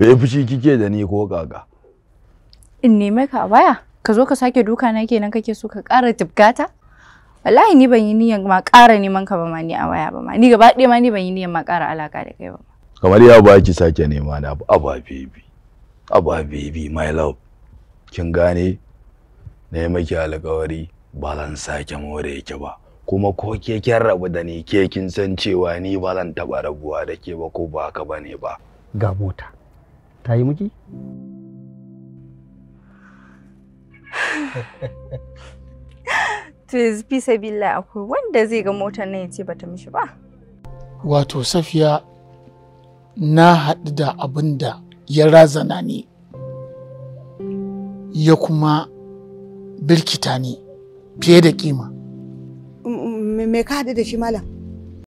Eh fushi kike da ni ko kaka? In neme ka baya Ka zo ka sake duka na kenan kake so ka ƙara tibgata? Wallahi ni ban yi niyan ma ƙara neman ka ba ma ni a waya ba ma. Ni gaba ɗaya ma ni ban yi niyan ma ƙara alaka da kai ba. Kamar ya ba ki sake nema na aba baby. Aba baby my love. Kin gane? Na yi maki alƙawari ba zan sake more ki ba. kuma ko ke kin rabu da ni ke kin san cewa ni ba zan taɓa rabuwa da ke ba ko ba haka ba ne ba. Ga mota. ta yi miki? to fi sabila akwai wanda zai ga motar nan ya ce bata mishi ba. Wato Safiya na haɗu da abin da ya razana ni ya kuma birkita ni fiye da kima. Me ka haɗu da shi malam?